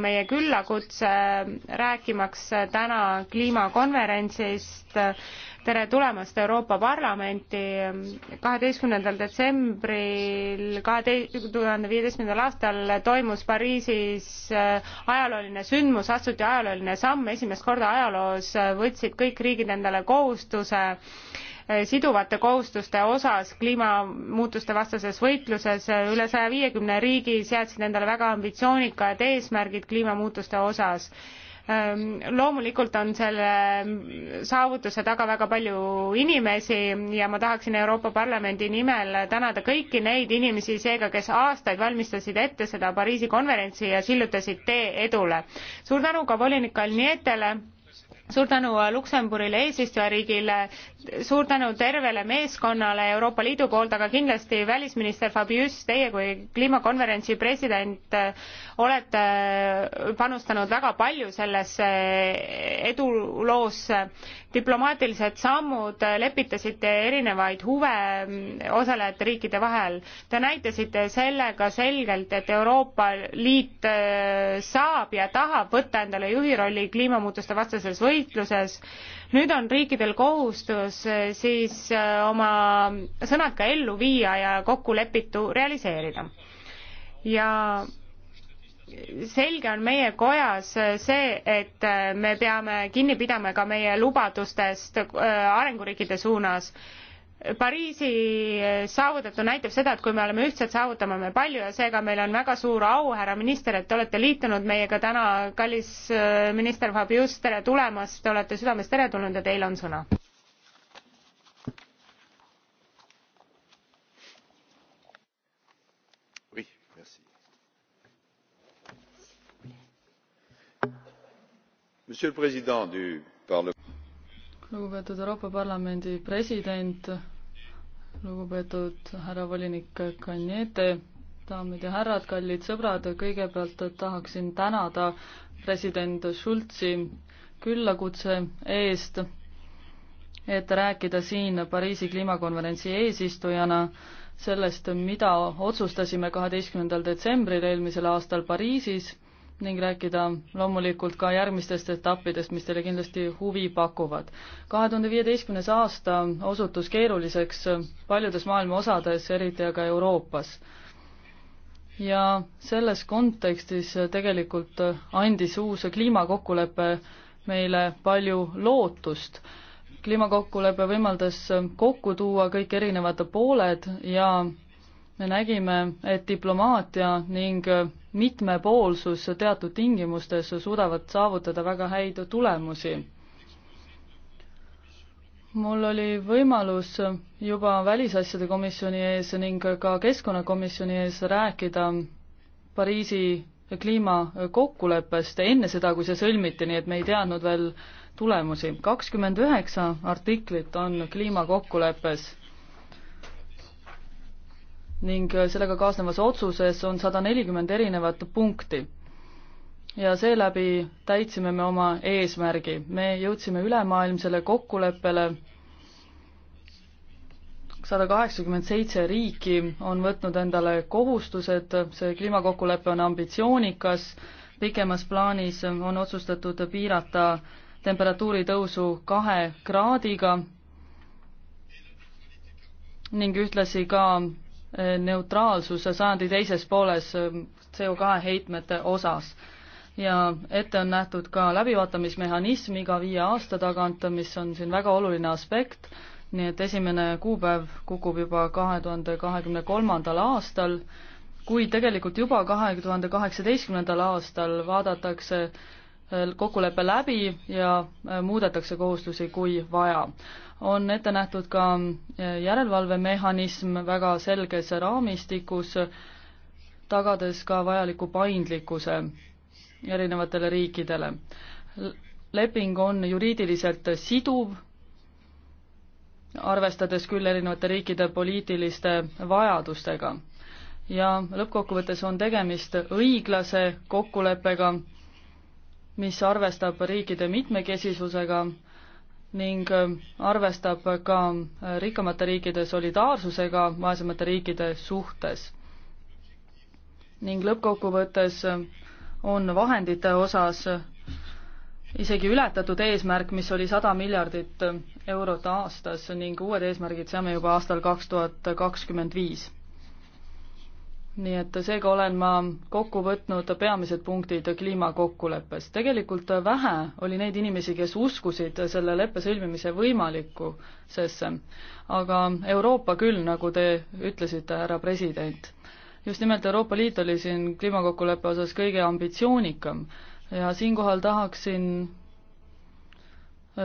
meie küllakutse rääkimaks täna kliimakonverentsist. tere tulemast Euroopa Parlamenti. kaheteistkümnendal detsembril kahe tuhande viieteistkümnendal aastal toimus Pariisis ajalooline sündmus, astuti ajalooline samm, esimest korda ajaloos võtsid kõik riigid endale kohustuse Äh, siduvate kohustuste osas kliimamuutuste vastases võitluses. üle saja viiekümne riigi seadsid endale väga ambitsioonikad eesmärgid kliimamuutuste osas ähm, loomulikult on selle saavutuse taga väga palju inimesi ja ma tahaksin Euroopa Parlamendi nimel tänada kõiki neid inimesi seega, kes aastaid valmistasid ette seda Pariisi konverentsi ja sillutasid tee edule. suur tänu ka volinik Kalnietele suur tänu Luksemburile eesistujariigile, suur tänu tervele meeskonnale Euroopa Liidu poolt, aga kindlasti välisminister Fabius, teie kui kliimakonverentsi president olete panustanud väga palju sellesse eduloosse. diplomaatilised sammud, lepitasite erinevaid huve osalejate riikide vahel. Te näitasite sellega selgelt, et Euroopa Liit äh, saab ja tahab võtta endale juhi rolli kliimamuutuste vastases võitluses võitluses. nüüd on riikidel kohustus eh, siis eh, oma sõnad ka ellu viia ja kokkulepitu realiseerida. ja selge on meie kojas eh, see, et me peame kinni pidama ka meie lubadustest arenguriikide suunas Pariisi saavutatu näitab seda, et kui me oleme ühtsed, saavutame me palju ja seega meil on väga suur au, härra minister, et te olete liitunud meiega täna, kallis äh, minister Fabius, tere tulemast, te olete südamest teretulnud ja teil on sõna. lugupeetud Euroopa Parlamendi president lugupeetud härra volinik Kanjete, daamid ja härrad, kallid sõbrad, kõigepealt tahaksin tänada president Schulzi küllakutse eest, et rääkida siin Pariisi kliimakonverentsi eesistujana sellest, mida otsustasime kaheteistkümnendal detsembril eelmisel aastal Pariisis ning rääkida loomulikult ka järgmistest etappidest, mis teile kindlasti huvi pakuvad. kahe tuhande viieteistkümnes aasta osutus keeruliseks paljudes maailma osades, eriti aga Euroopas. ja selles kontekstis tegelikult andis uus kliimakokkulepe meile palju lootust. kliimakokkulepe võimaldas kokku tuua kõik erinevad pooled ja me nägime, et diplomaatia ning mitmepoolsus teatud tingimustes suudavad saavutada väga häid tulemusi. mul oli võimalus juba Välisasjade komisjoni ees ning ka Keskkonnakomisjoni ees rääkida Pariisi kliimakokkuleppest enne seda, kui see sõlmiti, nii et me ei teadnud veel tulemusi. kakskümmend üheksa artiklit on kliimakokkuleppes ning äh, sellega kaasnevas otsuses on sada nelikümmend erinevat punkti. ja seeläbi täitsime me oma eesmärgi, me jõudsime ülemaailmsele kokkuleppele, sada kaheksakümmend seitse riiki on võtnud endale kohustused, see kliimakokkulepe on ambitsioonikas, pikemas plaanis on otsustatud piirata temperatuuri tõusu kahe kraadiga ning ühtlasi ka neutraalsuse sajandi teises pooles ähm, CO2 heitmete osas. ja ette on nähtud ka läbivaatamismehhanism iga viie aasta tagant, mis on siin väga oluline aspekt, nii et esimene kuupäev kukub juba kahe tuhande kahekümne kolmandal aastal, kuid tegelikult juba kahe tuhande kaheksateistkümnendal aastal vaadatakse äh, kokkulepe läbi ja äh, muudetakse kohustusi, kui vaja on ette nähtud ka äh, järelevalvemehhanism väga selges raamistikus, tagades ka vajaliku paindlikkuse erinevatele riikidele. leping on juriidiliselt siduv, arvestades küll erinevate riikide poliitiliste vajadustega. ja lõppkokkuvõttes on tegemist õiglase kokkuleppega, mis arvestab riikide mitmekesisusega ning äh, arvestab ka äh, rikkamate riikide solidaarsusega vaesemate riikide suhtes. ning lõppkokkuvõttes äh, on vahendite osas isegi ületatud eesmärk, mis oli sada miljardit eurot aastas ning uued eesmärgid seame juba aastal kaks tuhat kakskümmend viis nii et seega olen ma kokku võtnud peamised punktid kliimakokkuleppes. tegelikult vähe oli neid inimesi, kes uskusid selle leppe sõlmimise võimalikkusesse. aga Euroopa küll, nagu te ütlesite, härra president. just nimelt Euroopa Liit oli siin kliimakokkuleppe osas kõige ambitsioonikam ja siinkohal tahaksin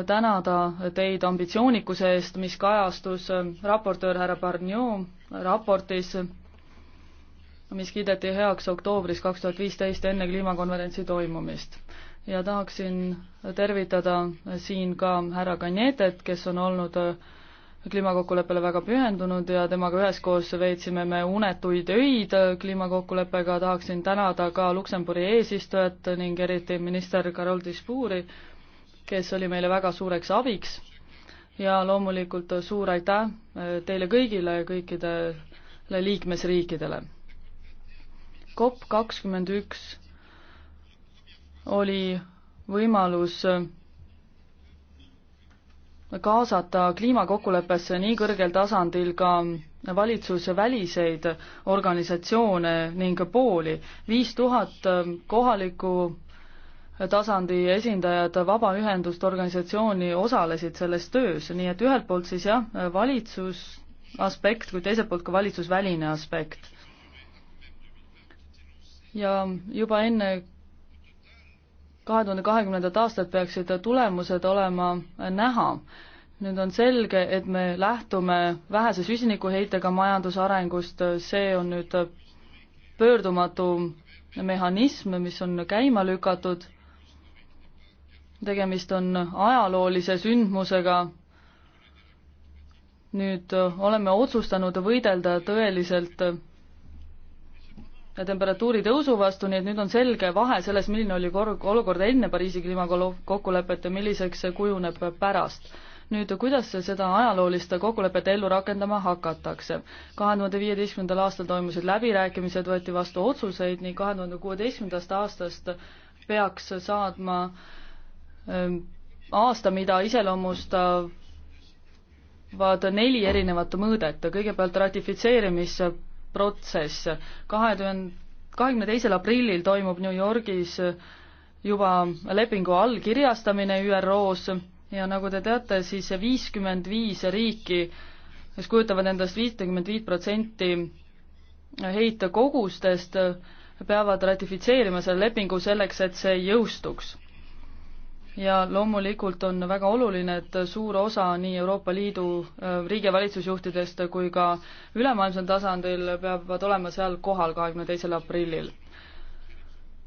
tänada teid ambitsioonikuse eest, mis kajastus raportöör härra Barnjou raportis mis kiideti heaks oktoobris kaks tuhat viisteist enne kliimakonverentsi toimumist. ja tahaksin tervitada siin ka härra Kanietet, kes on olnud kliimakokkuleppele väga pühendunud ja temaga üheskoos veetsime me unetuid öid kliimakokkuleppega, tahaksin tänada ka Luksemburi eesistujat ning eriti minister Carol Dispuuri, kes oli meile väga suureks abiks ja loomulikult suur aitäh teile kõigile ja kõikidele liikmesriikidele COP kakskümmend üks oli võimalus kaasata kliimakokkuleppesse nii kõrgel tasandil ka valitsuse väliseid organisatsioone ning pooli. viis tuhat kohaliku tasandi esindajad, vabaühenduste organisatsiooni osalesid selles töös, nii et ühelt poolt siis jah, valitsus aspekt, kui teiselt poolt ka valitsusväline aspekt ja juba enne kahe tuhande kahekümnendat aastat peaksid tulemused olema näha. nüüd on selge, et me lähtume vähese süsinikuheitega majandusarengust, see on nüüd pöördumatu mehhanism, mis on käima lükatud. tegemist on ajaloolise sündmusega. nüüd oleme otsustanud võidelda tõeliselt temperatuuri tõusu vastu, nii et nüüd on selge vahe selles, milline oli kor-, olukord enne Pariisi kliimakokkulepet ja milliseks see kujuneb pärast. nüüd, kuidas seda ajaloolist kokkulepet ellu rakendama hakatakse? kahe tuhande viieteistkümnendal aastal toimusid läbirääkimised, võeti vastu otsuseid ning kahe tuhande kuueteistkümnendast aastast peaks saadma ähm, aasta, mida iseloomustav vaata neli erinevat mõõdet, kõigepealt ratifitseerimis protsess. kahe tuhande, kahekümne teisel aprillil toimub New Yorgis juba lepingu allkirjastamine ÜRO-s ja nagu te teate, siis viiskümmend viis riiki, kes kujutavad endast viitekümmet viit protsenti heitekogustest, peavad ratifitseerima selle lepingu selleks, et see jõustuks ja loomulikult on väga oluline, et suur osa nii Euroopa Liidu äh, riigi- ja valitsusjuhtidest kui ka ülemaailmsel tasandil peavad olema seal kohal kahekümne teisel aprillil.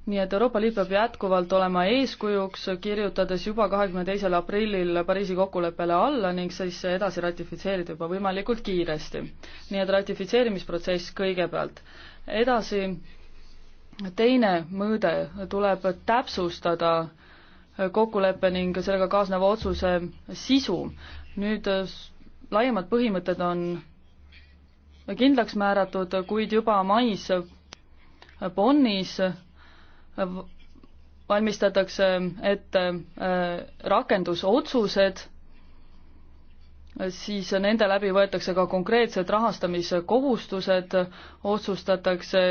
nii et Euroopa Liit peab jätkuvalt olema eeskujuks, kirjutades juba kahekümne teisel aprillil Pariisi kokkuleppele alla ning siis edasi ratifitseerida juba võimalikult kiiresti. nii et ratifitseerimisprotsess kõigepealt. edasi teine mõõde tuleb täpsustada äh, kokkuleppe ning sellega kaasneva otsuse sisu. nüüd laiemad põhimõtted on kindlaks määratud, kuid juba mais Bonnis valmistatakse ette äh, rakendusotsused, siis nende läbi võetakse ka konkreetsed rahastamiskohustused, otsustatakse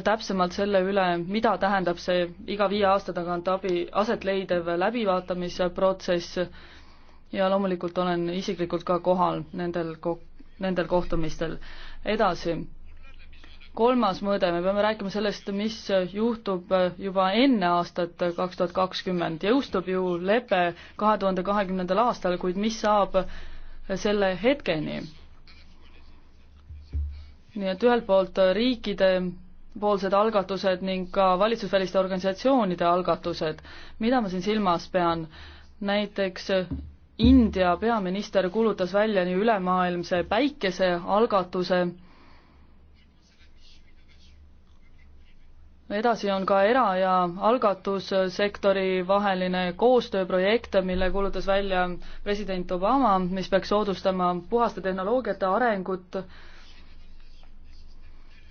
täpsemalt selle üle, mida tähendab see iga viie aasta tagant abi, aset leidev läbivaatamise protsess ja loomulikult olen isiklikult ka kohal nendel ko-, nendel kohtumistel. edasi, kolmas mõõde, me peame rääkima sellest, mis juhtub juba enne aastat kaks tuhat kakskümmend, jõustub ju lepe kahe tuhande kahekümnendal aastal, kuid mis saab selle hetkeni? nii et ühelt poolt riikide poolsed algatused ning ka valitsusväliste organisatsioonide algatused. mida ma siin silmas pean? näiteks äh, India peaminister kuulutas välja nii ülemaailmse päikesealgatuse, edasi on ka era- ja algatussektori vaheline koostööprojekt, mille kuulutas välja president Obama, mis peaks soodustama puhaste tehnoloogiate arengut,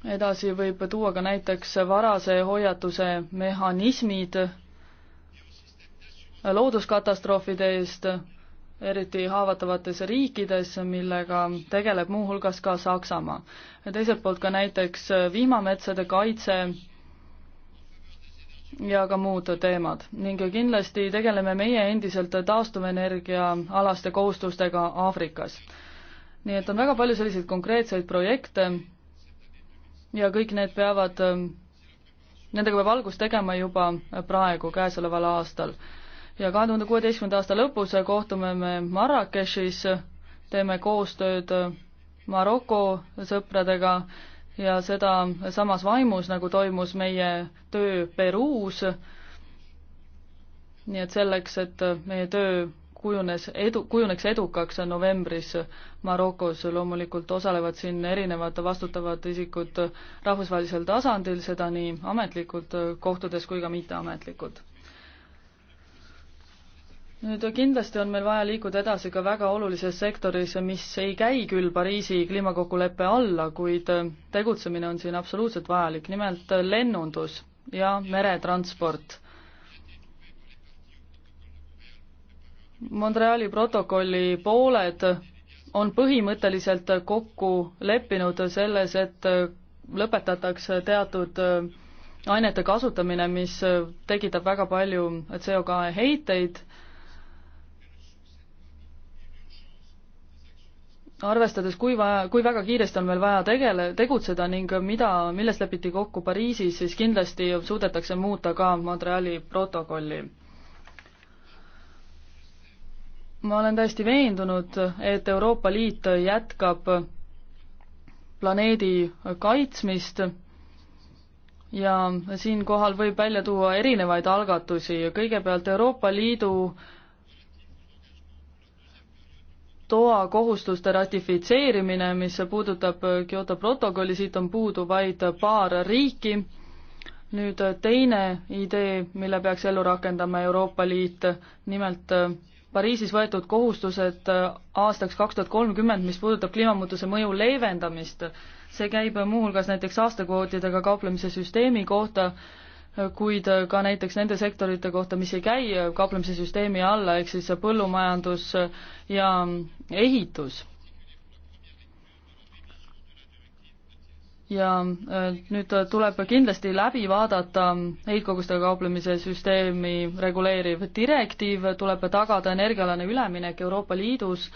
edasi võib tuua ka näiteks varase hoiatuse mehhanismid looduskatastroofide eest, eriti haavatavates riikides, millega tegeleb muuhulgas ka Saksamaa. ja teiselt poolt ka näiteks vihmametsade kaitse ja ka muud teemad. ning kindlasti tegeleme meie endiselt taastuvenergia alaste kohustustega Aafrikas. nii et on väga palju selliseid konkreetseid projekte, ja kõik need peavad, ähm, nendega peab algust tegema juba praegu, käesoleval aastal. ja kahe tuhande kuueteistkümnenda aasta lõpus kohtume me Marrakechis, teeme koostööd äh, Maroko sõpradega ja seda samas vaimus, nagu toimus meie töö Peruus. nii et selleks, et äh, meie töö kujunes edu, kujuneks edukaks novembris Marokos, loomulikult osalevad siin erinevad vastutavad isikud rahvusvahelisel tasandil, seda nii ametlikult kohtudes kui ka mitteametlikult. nüüd kindlasti on meil vaja liikuda edasi ka väga olulises sektoris, mis ei käi küll Pariisi kliimakokkuleppe alla, kuid tegutsemine on siin absoluutselt vajalik, nimelt lennundus ja meretransport Montreali protokolli pooled on põhimõtteliselt kokku leppinud selles, et lõpetatakse teatud äh, ainete kasutamine, mis äh, tekitab väga palju CO2 heiteid. arvestades, kui vaja, kui väga kiiresti on meil vaja tegele, tegutseda ning mida, milles lepiti kokku Pariisis, siis kindlasti suudetakse muuta ka Montreali protokolli ma olen täiesti veendunud, et Euroopa Liit jätkab planeedi kaitsmist ja siinkohal võib välja tuua erinevaid algatusi, kõigepealt Euroopa Liidu toa kohustuste ratifitseerimine, mis puudutab Kyoto protokolli, siit on puudu vaid paar riiki. nüüd teine idee, mille peaks ellu rakendama Euroopa Liit, nimelt Pariisis võetud kohustused äh, aastaks kaks tuhat kolmkümmend, mis puudutab kliimamuutuse mõju leevendamist. see käib muuhulgas näiteks aastakvootidega kauplemise süsteemi kohta, äh, kuid äh, ka näiteks nende sektorite kohta, mis ei käi kauplemise süsteemi alla, ehk siis põllumajandus ja mm, ehitus. ja äh, nüüd äh, tuleb kindlasti läbi vaadata heitkogustega kauplemise süsteemi reguleeriv direktiiv, tuleb tagada energiaalane üleminek Euroopa Liidus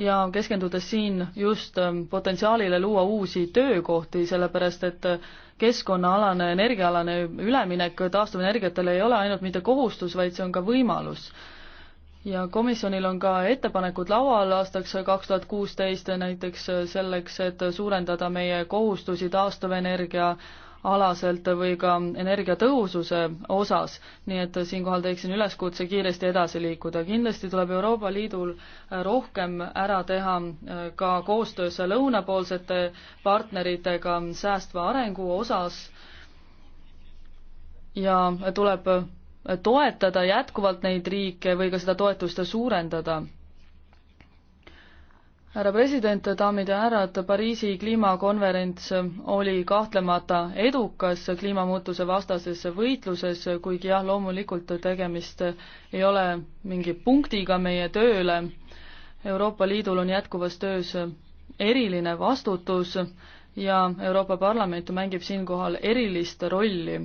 ja keskendudes siin just ähm, potentsiaalile luua uusi töökohti, sellepärast et äh, keskkonnaalane, energiaalane üleminek taastuvenergiatele ei ole ainult mitte kohustus, vaid see on ka võimalus ja komisjonil on ka ettepanekud laual aastaks kaks tuhat kuusteist näiteks selleks, et suurendada meie kohustusi taastuvenergia alaselt või ka energiatõhususe osas, nii et siinkohal teeksin üleskutse kiiresti edasi liikuda. kindlasti tuleb Euroopa Liidul rohkem ära teha ka koostöös lõunapoolsete partneritega säästva arengu osas ja tuleb toetada jätkuvalt neid riike või ka seda toetust suurendada. härra president, daamid ja härrad, Pariisi kliimakonverents oli kahtlemata edukas kliimamuutuse vastases võitluses, kuigi jah, loomulikult tegemist ei ole mingi punktiga meie tööle. Euroopa Liidul on jätkuvas töös eriline vastutus ja Euroopa Parlament mängib siinkohal erilist rolli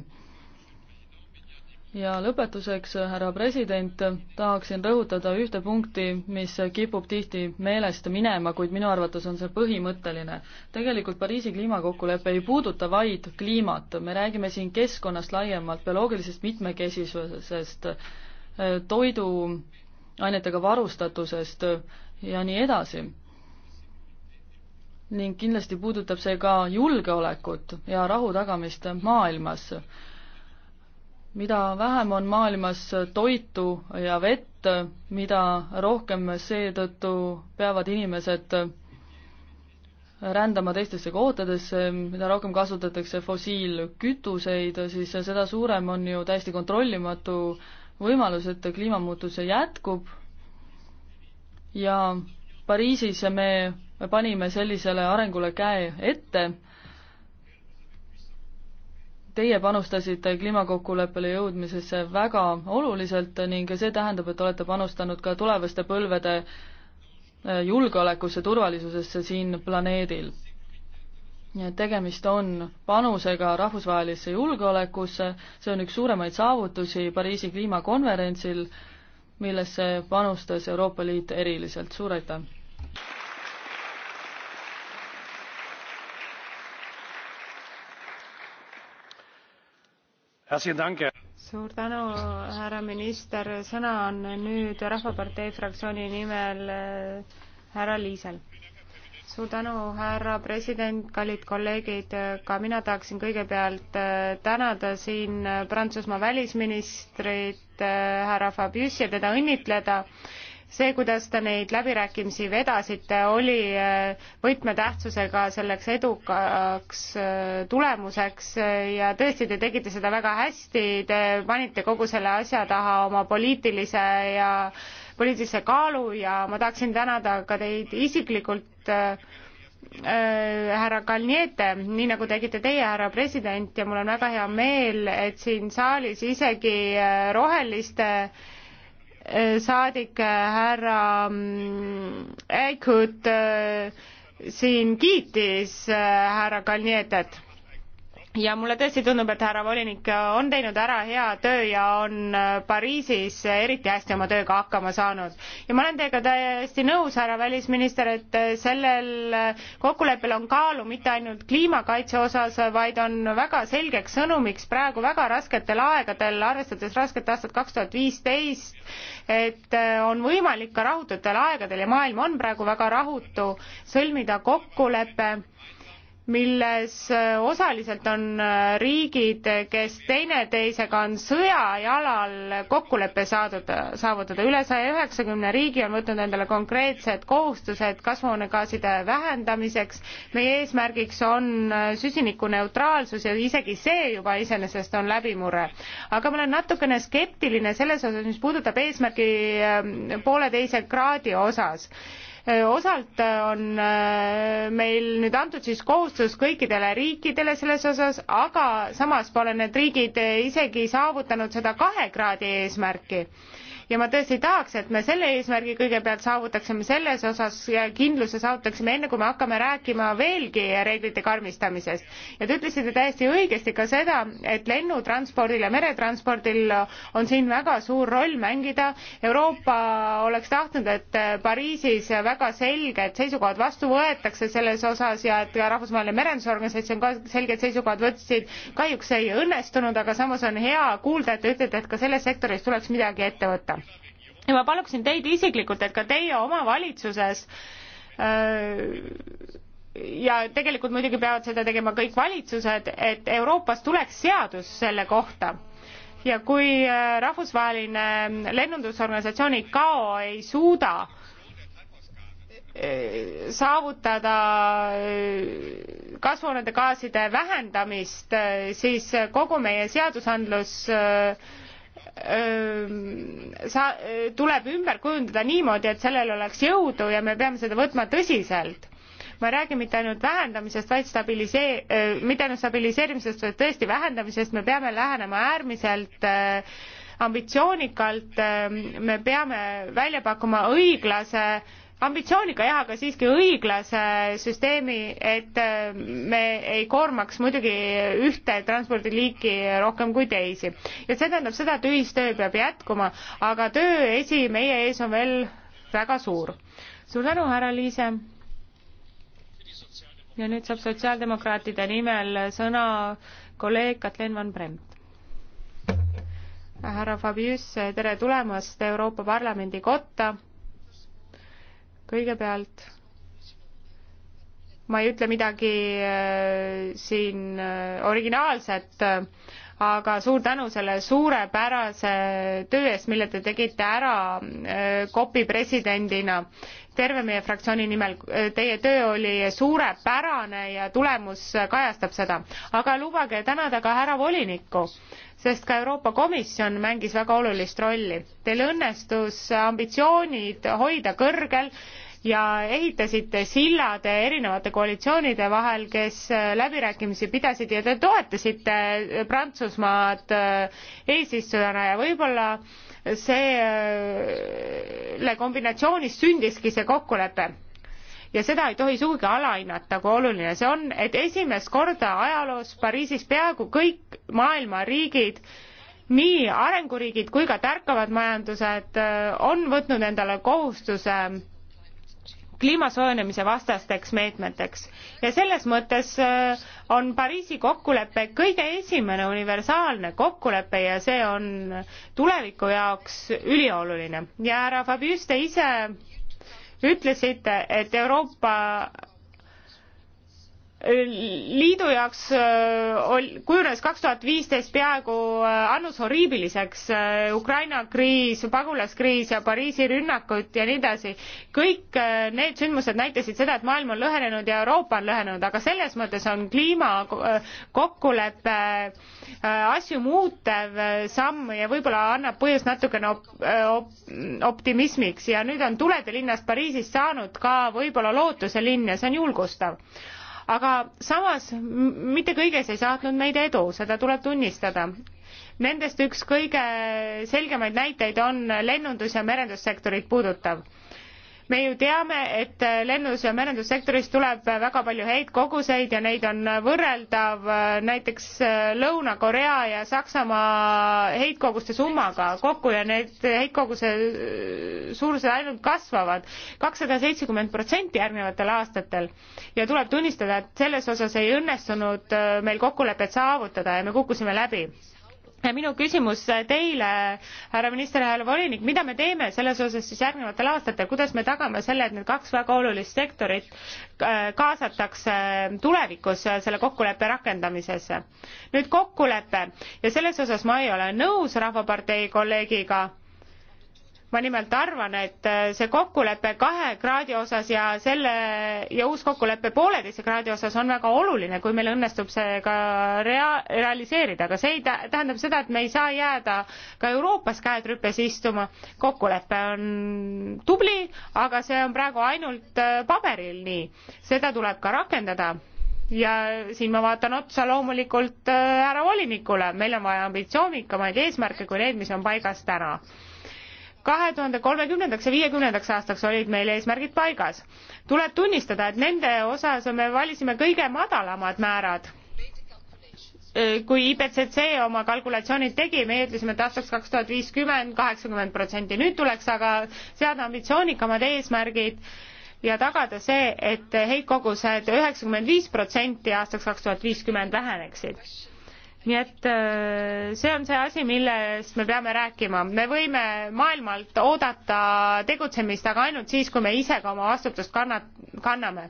ja lõpetuseks, härra president, tahaksin rõhutada ühte punkti, mis kipub tihti meelest minema, kuid minu arvates on see põhimõtteline. tegelikult Pariisi kliimakokkulepe ei puuduta vaid kliimat, me räägime siin keskkonnast laiemalt, bioloogilisest mitmekesisusest, toiduainetega varustatusest ja nii edasi ning kindlasti puudutab see ka julgeolekut ja rahu tagamist maailmas mida vähem on maailmas toitu ja vett, mida rohkem seetõttu peavad inimesed rändama teistesse kohtadesse, mida rohkem kasutatakse fossiilkütuseid, siis seda suurem on ju täiesti kontrollimatu võimalus, et kliimamuutus jätkub. ja Pariisis me panime sellisele arengule käe ette teie panustasite kliimakokkuleppele jõudmisesse väga oluliselt ning see tähendab, et olete panustanud ka tulevaste põlvede äh, julgeolekusse, turvalisusesse siin planeedil. nii et tegemist on panusega rahvusvahelisse julgeolekusse, see on üks suuremaid saavutusi Pariisi kliimakonverentsil, millesse panustas Euroopa Liit eriliselt, suur aitäh! suur tänu, härra minister, sõna on nüüd Rahvapartei fraktsiooni nimel eh, härra Liisel. suur tänu, härra president, kallid kolleegid, ka mina tahaksin kõigepealt eh, tänada siin Prantsusmaa välisministrit eh, härra Fabiussi ja teda õnnitleda see, kuidas te neid läbirääkimisi vedasite, oli äh, võtmetähtsusega selleks edukaks äh, tulemuseks äh, ja tõesti, te tegite seda väga hästi, te panite kogu selle asja taha oma poliitilise ja poliitilise kaalu ja ma tahaksin tänada ka teid isiklikult härra Kalniete, nii nagu tegite teie, härra president, ja mul on väga hea meel, et siin saalis isegi roheliste äh, saadik äh, härra mm, Eichhut äh, siin kiitis äh, härra Kalnietet ja mulle tõesti tundub, et härra volinik on teinud ära hea töö ja on äh, Pariisis eriti hästi oma tööga hakkama saanud. ja ma olen teiega täiesti nõus, härra välisminister, et äh, sellel äh, kokkuleppel on kaalu mitte ainult kliimakaitse osas, vaid on väga selgeks sõnumiks praegu väga rasketel aegadel, arvestades rasket aastat kaks tuhat viisteist, et on võimalik ka rahututel aegadel ja maailm on praegu väga rahutu, sõlmida kokkulepe milles äh, osaliselt on äh, riigid, kes teineteisega on sõjajalal kokkuleppe saadud, saavutada. üle saja üheksakümne riigi on võtnud endale konkreetsed kohustused kasvuhoonegaaside vähendamiseks. meie eesmärgiks on äh, süsinikuneutraalsus ja isegi see juba iseenesest on läbimurre. aga ma olen natukene skeptiline selles osas, mis puudutab eesmärgi pooleteise kraadi osas osalt äh, on äh, meil nüüd antud siis kohustus kõikidele riikidele selles osas, aga samas pole need riigid äh, isegi saavutanud seda kahe kraadi eesmärki ja ma tõesti tahaks, et me selle eesmärgi kõigepealt saavutaksime selles osas kindluse saavutaksime, enne kui me hakkame rääkima veelgi reeglite karmistamisest. ja te ütlesite täiesti õigesti ka seda, et lennutranspordil ja meretranspordil on siin väga suur roll mängida. Euroopa oleks tahtnud, et Pariisis väga selged seisukohad vastu võetakse selles osas ja et ka Rahvusvaheline Merendusorganisatsioon ka selged seisukohad võtsid. kahjuks ei õnnestunud, aga samas on hea kuulda, et te ütlete, et ka selles sektoris tuleks midagi ette võtta ja ma paluksin teid isiklikult, et ka teie oma valitsuses ja tegelikult muidugi peavad seda tegema kõik valitsused, et Euroopas tuleks seadus selle kohta. ja kui rahvusvaheline lennundusorganisatsioon ICAO ei suuda saavutada kasvuhoonegaaside vähendamist, siis kogu meie seadusandlus äh, sa-, tuleb ümber kujundada niimoodi, et sellel oleks jõudu ja me peame seda võtma tõsiselt. ma ei räägi mitte ainult vähendamisest, vaid stabilisee-, mitte ainult stabiliseerimisest, vaid tõesti vähendamisest, me peame lähenema äärmiselt ambitsioonikalt, me peame välja pakkuma õiglase ambitsioonika jah, aga siiski õiglase süsteemi, et äh, me ei koormaks muidugi ühte transpordiliiki rohkem kui teisi. ja see tähendab seda, et ühistöö peab jätkuma, aga töö esi meie ees on veel väga suur. suur tänu, härra Liise. ja nüüd saab sotsiaaldemokraatide nimel sõna kolleeg Katlen Van Bremt härra Fabius, tere tulemast Euroopa Parlamendi kotta kõigepealt ma ei ütle midagi äh, siin äh, originaalset, äh, aga suur tänu selle suurepärase töö eest, mille te tegite ära COP-i presidendina. terve meie fraktsiooni nimel, teie töö oli suurepärane ja tulemus kajastab seda. aga lubage tänada ka härra volinikku, sest ka Euroopa Komisjon mängis väga olulist rolli. Teil õnnestus ambitsioonid hoida kõrgel ja ehitasite sillade erinevate koalitsioonide vahel, kes äh, läbirääkimisi pidasid ja te toetasite äh, Prantsusmaad äh, eesistujana ja võib-olla selle kombinatsioonis sündiski see kokkulepe ja seda ei tohi sugugi alahinnata, kui oluline see on, et esimest korda ajaloos Pariisis peaaegu kõik maailma riigid, nii arenguriigid kui ka tärkavad majandused on võtnud endale kohustuse kliima soojenemise vastasteks meetmeteks. ja selles mõttes äh, on Pariisi kokkulepe kõige esimene universaalne kokkulepe ja see on tuleviku jaoks ülioluline. ja härra Fabius, te ise ütlesite, et Euroopa liidu jaoks äh, kujunes kaks tuhat viisteist peaaegu äh, annus horribiliseks äh, Ukraina kriis, pagulaskriis ja Pariisi rünnakud ja nii edasi. kõik need sündmused näitasid seda, et maailm on lõhenenud ja Euroopa on lõhenenud, aga selles mõttes on kliimakokkulepe asju muutev samm ja võib-olla annab põhjust natukene op-, op-, optimismiks ja nüüd on tulede linnast Pariisist saanud ka võib-olla lootuse linn ja see on julgustav aga samas mitte kõiges ei saatnud meid edu, seda tuleb tunnistada. Nendest üks kõige selgemaid näiteid on lennundus- ja merendussektorit puudutav me ju teame, et lennundus- ja merendussektoris tuleb väga palju heitkoguseid ja neid on võrreldav näiteks Lõuna-Korea ja Saksamaa heitkoguste summaga kokku ja need heitkoguse suurused ainult kasvavad kakssada seitsekümmend protsenti järgnevatel aastatel. ja tuleb tunnistada, et selles osas ei õnnestunud meil kokkulepet saavutada ja me kukkusime läbi minu küsimus teile, härra minister, härra volinik, mida me teeme selles osas siis järgnevatel aastatel, kuidas me tagame selle, et need kaks väga olulist sektorit äh, kaasatakse tulevikus selle kokkuleppe rakendamisesse? nüüd kokkulepe ja selles osas ma ei ole nõus Rahvapartei kolleegiga ma nimelt arvan, et äh, see kokkulepe kahe kraadi osas ja selle ja uus kokkulepe pooleteise kraadi osas on väga oluline, kui meil õnnestub see ka rea-, realiseerida, aga see ei tä-, tähendab seda, et me ei saa jääda ka Euroopas käed rüpes istuma. kokkulepe on tubli, aga see on praegu ainult äh, paberil nii, seda tuleb ka rakendada ja siin ma vaatan otsa loomulikult äh, härra volinikule, meil on vaja ambitsioonikamaid eesmärke kui need, mis on paigas täna kahe tuhande kolmekümnendaks ja viiekümnendaks aastaks olid meil eesmärgid paigas. tuleb tunnistada, et nende osas me valisime kõige madalamad määrad. kui IPCC oma kalkulatsioonid tegi, meie ütlesime, et aastaks kaks tuhat viiskümmend kaheksakümmend protsenti, nüüd tuleks aga seada ambitsioonikamad eesmärgid ja tagada see, et heitkogused üheksakümmend viis protsenti aastaks kaks tuhat viiskümmend väheneksid nii et äh, see on see asi, millest me peame rääkima. me võime maailmalt oodata tegutsemist, aga ainult siis, kui me ise ka oma vastutust kannat-, kanname.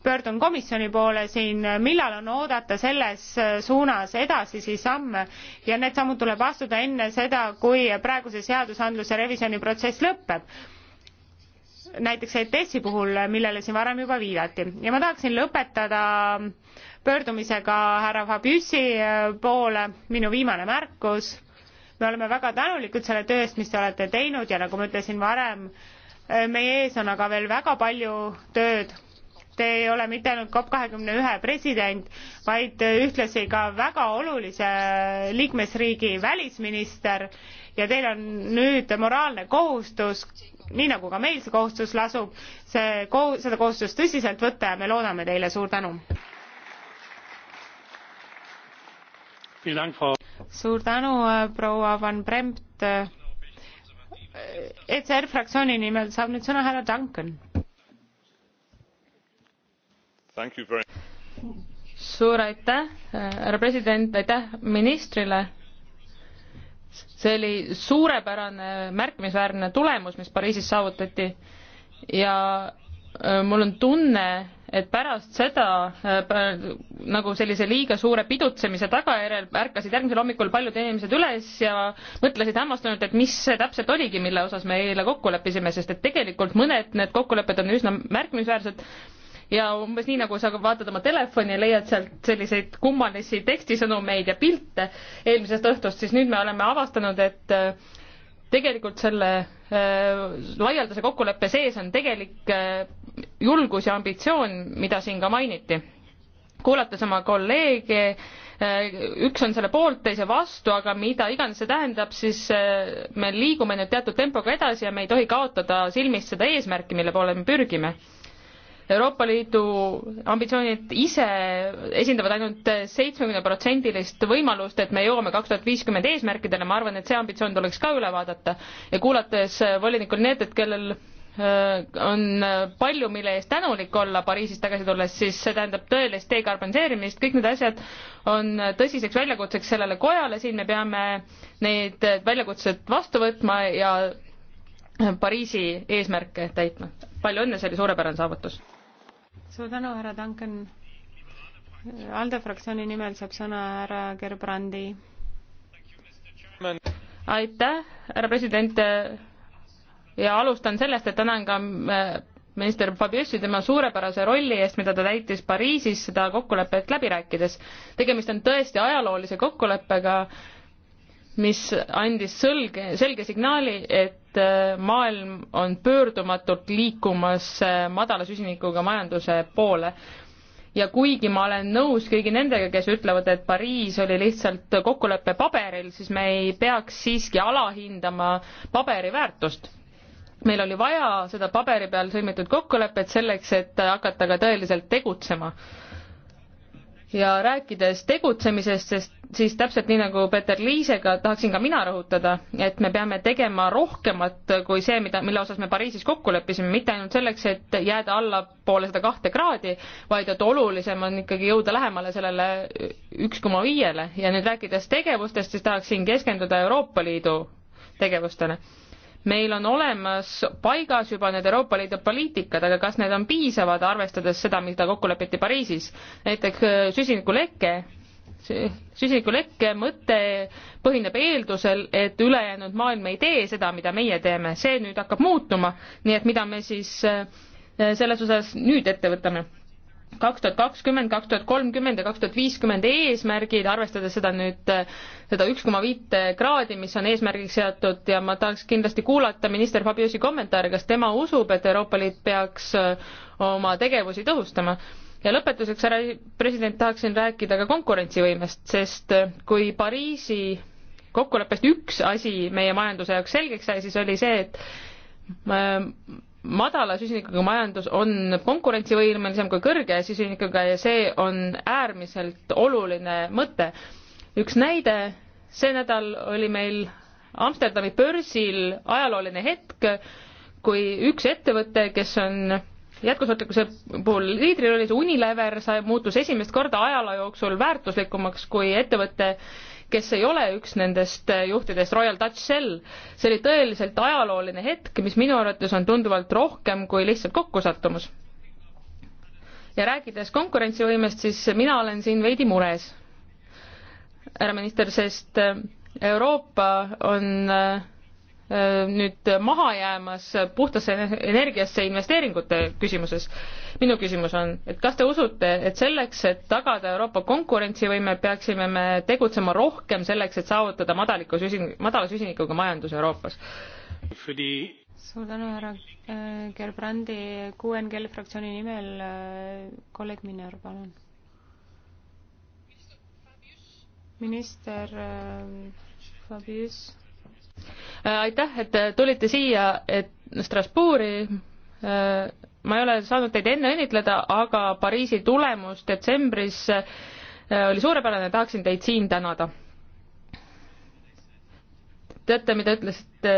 pöördun komisjoni poole siin, millal on oodata selles suunas edasisi samme ja need sammud tuleb astuda enne seda, kui praeguse seadusandluse revisjoni protsess lõpeb näiteks ETS-i puhul, millele siin varem juba viidati ja ma tahaksin lõpetada äh, pöördumisega härra Fabiusi äh, poole, minu viimane märkus. me oleme väga tänulikud selle töö eest, mis te olete teinud ja nagu ma ütlesin varem, äh, meie ees on aga veel väga palju tööd te ei ole mitte ainult COP kahekümne ühe president, vaid äh, ühtlasi ka väga olulise liikmesriigi välisminister ja teil on nüüd moraalne kohustus, nii nagu ka meil see kohustus lasub, see, seda kohustust tõsiselt võtta ja me loodame teile, suur tänu! suur tänu, äh, proua Van Brempt. Äh, ECR fraktsiooni nimel saab nüüd sõna härra Duncan. suur aitäh, äh, härra president, aitäh ministrile see oli suurepärane, märkimisväärne tulemus, mis Pariisis saavutati ja mul on tunne, et pärast seda äh, nagu sellise liiga suure pidutsemise tagajärjel ärkasid järgmisel hommikul paljud inimesed üles ja mõtlesid hämmastunult, et mis see täpselt oligi, mille osas me eile kokku leppisime, sest et tegelikult mõned need kokkulepped on üsna märkimisväärsed ja umbes nii, nagu sa vaatad oma telefoni ja leiad sealt selliseid kummalisi tekstisõnumeid ja pilte eelmisest õhtust, siis nüüd me oleme avastanud, et äh, tegelikult selle äh, laialdase kokkuleppe sees on tegelik äh, julgus ja ambitsioon, mida siin ka mainiti. kuulates oma kolleege, äh, üks on selle poolt, teise vastu, aga mida iganes see tähendab, siis äh, me liigume nüüd teatud tempoga edasi ja me ei tohi kaotada silmist seda eesmärki, mille poole me pürgime Euroopa Liidu ambitsioonid ise esindavad ainult seitsmekümneprotsendilist võimalust, et me jõuame kaks tuhat viiskümmend eesmärkidele, ma arvan, et see ambitsioon tuleks ka üle vaadata ja kuulates äh, volinikul Neetet, kellel Äh, on äh, palju, mille eest tänulik olla Pariisist tagasi tulles, siis see tähendab tõelist dekarboniseerimist, kõik need asjad on äh, tõsiseks väljakutseks sellele kojale, siin me peame need väljakutsed vastu võtma ja Pariisi eesmärke täitma. palju õnne, see oli suurepärane saavutus! suur tänu, härra Duncan! ALDE fraktsiooni nimel saab sõna härra Gerbrandi. aitäh, härra president! ja alustan sellest, et tänan ka äh, minister Fabiussi tema suurepärase rolli eest, mida ta täitis Pariisis seda kokkulepet läbi rääkides. tegemist on tõesti ajaloolise kokkuleppega, mis andis selge, selge signaali, et äh, maailm on pöördumatult liikumas äh, madala süsinikuga majanduse poole. ja kuigi ma olen nõus kõigi nendega, kes ütlevad, et Pariis oli lihtsalt kokkulepe paberil, siis me ei peaks siiski alahindama paberi väärtust meil oli vaja seda paberi peal sõlmitud kokkulepet selleks, et hakata ka tõeliselt tegutsema. ja rääkides tegutsemisest, sest siis täpselt nii nagu Peeter Liisega tahaksin ka mina rõhutada, et me peame tegema rohkemat kui see, mida, mille osas me Pariisis kokku leppisime, mitte ainult selleks, et jääda allapoole seda kahte kraadi, vaid et olulisem on ikkagi jõuda lähemale sellele üks koma viiele ja nüüd rääkides tegevustest, siis tahaksin keskenduda Euroopa Liidu tegevustele meil on olemas paigas juba need Euroopa Liidu poliitikad, aga kas need on piisavad, arvestades seda, mida kokku lepiti Pariisis? näiteks süsinikulekke, äh, süsinikulekke mõte põhineb eeldusel, et ülejäänud maailm ei tee seda, mida meie teeme, see nüüd hakkab muutuma, nii et mida me siis äh, selles osas nüüd ette võtame kaks tuhat kakskümmend, kaks tuhat kolmkümmend ja kaks tuhat viiskümmend eesmärgid, arvestades seda nüüd, seda üks koma viite kraadi, mis on eesmärgiks seatud ja ma tahaks kindlasti kuulata minister Fabiosi kommentaare, kas tema usub, et Euroopa Liit peaks oma tegevusi tõhustama. ja lõpetuseks, härra president, tahaksin rääkida ka konkurentsivõimest, sest kui Pariisi kokkuleppest üks asi meie majanduse jaoks selgeks sai, siis oli see, et madala süsinikuga majandus on konkurentsivõimelisem kui kõrge süsinikuga ja see on äärmiselt oluline mõte. üks näide, see nädal oli meil Amsterdami börsil ajalooline hetk, kui üks ettevõte, kes on jätkusuutlikkuse puhul liidrirollis Unilever sai, muutus esimest korda ajaloo jooksul väärtuslikumaks kui ettevõte, kes ei ole üks nendest eh, juhtidest, Royal Dutch Shell. see oli tõeliselt ajalooline hetk, mis minu arvates on tunduvalt rohkem kui lihtsalt kokkusattumus. ja rääkides konkurentsivõimest, siis mina olen siin veidi mures, härra minister, sest eh, Euroopa on äh, Äh, nüüd maha jäämas puhtasse energiasse investeeringute küsimuses. minu küsimus on, et kas te usute, et selleks, et tagada Euroopa konkurentsivõime, peaksime me tegutsema rohkem selleks, et saavutada madaliku süsin-, madala süsinikuga majandus Euroopas? suur tänu, härra äh, Gerbrandi, QNGL fraktsiooni nimel äh, kolleeg Miner, palun. minister Fabius Äh, aitäh, et äh, tulite siia, et Strasbourgi. Äh, ma ei ole saanud teid enne õnnitleda, aga Pariisi tulemus detsembris oli suurepärane, tahaksin teid siin tänada. teate, mida ütlesite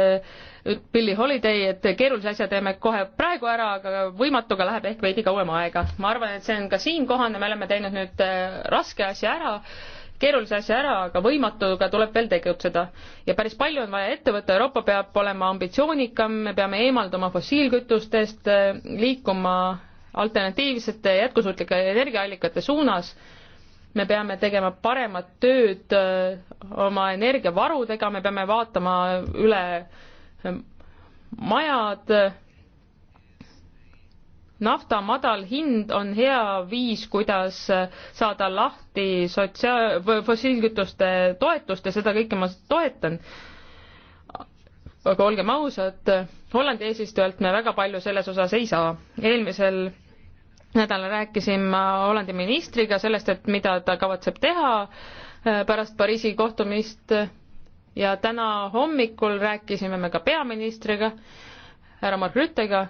Billie Holiday, et keerulise asja teeme kohe praegu ära, aga võimatuga läheb ehk veidi kauem aega. ma arvan, et see on ka siin kohane, me oleme teinud nüüd raske asja ära keerulise asja ära, aga võimatuga tuleb veel tegutseda. ja päris palju on vaja ette võtta, Euroopa peab olema ambitsioonikam, me peame eemalduma fossiilkütustest, liikuma alternatiivsete jätkusuutlike energiaallikate suunas, me peame tegema paremat tööd äh, oma energiavarudega, me peame vaatama üle äh, majad, nafta madal hind on hea viis, kuidas saada lahti sotsiaal, fossiilkütuste toetust ja seda kõike ma toetan. aga olgem ausad, Hollandi eesistujalt me väga palju selles osas ei saa. eelmisel nädalal rääkisin ma Hollandi ministriga sellest, et mida ta kavatseb teha äh, pärast Pariisi kohtumist ja täna hommikul rääkisime me ka peaministriga, härra Mark Rüttega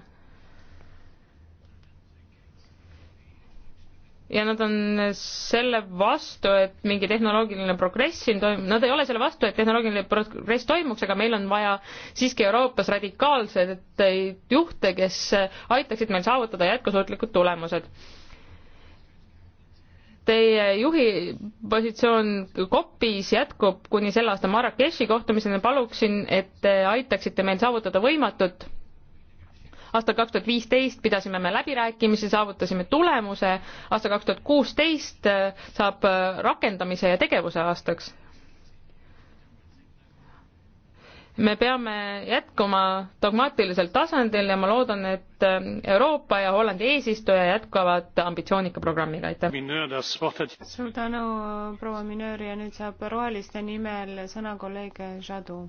ja nad on selle vastu, et mingi tehnoloogiline progress siin toimub, nad ei ole selle vastu, et tehnoloogiline progress toimuks, aga meil on vaja siiski Euroopas radikaalseid juhte, kes aitaksid meil saavutada jätkusuutlikud tulemused. Teie juhi positsioon COP-is jätkub kuni selle aasta Marrakechi kohtumiseni, paluksin, et te aitaksite meil saavutada võimatut aastal kaks tuhat viisteist pidasime me läbirääkimisi, saavutasime tulemuse, aasta kaks tuhat kuusteist äh, saab äh, rakendamise ja tegevuse aastaks. me peame jätkuma dogmaatilisel tasandil ja ma loodan, et äh, Euroopa ja Hollandi eesistuja jätkavad ambitsioonika programmiga, aitäh. suur tänu, proua Minöör ja nüüd saab roheliste nimel sõna kolleeg Jadu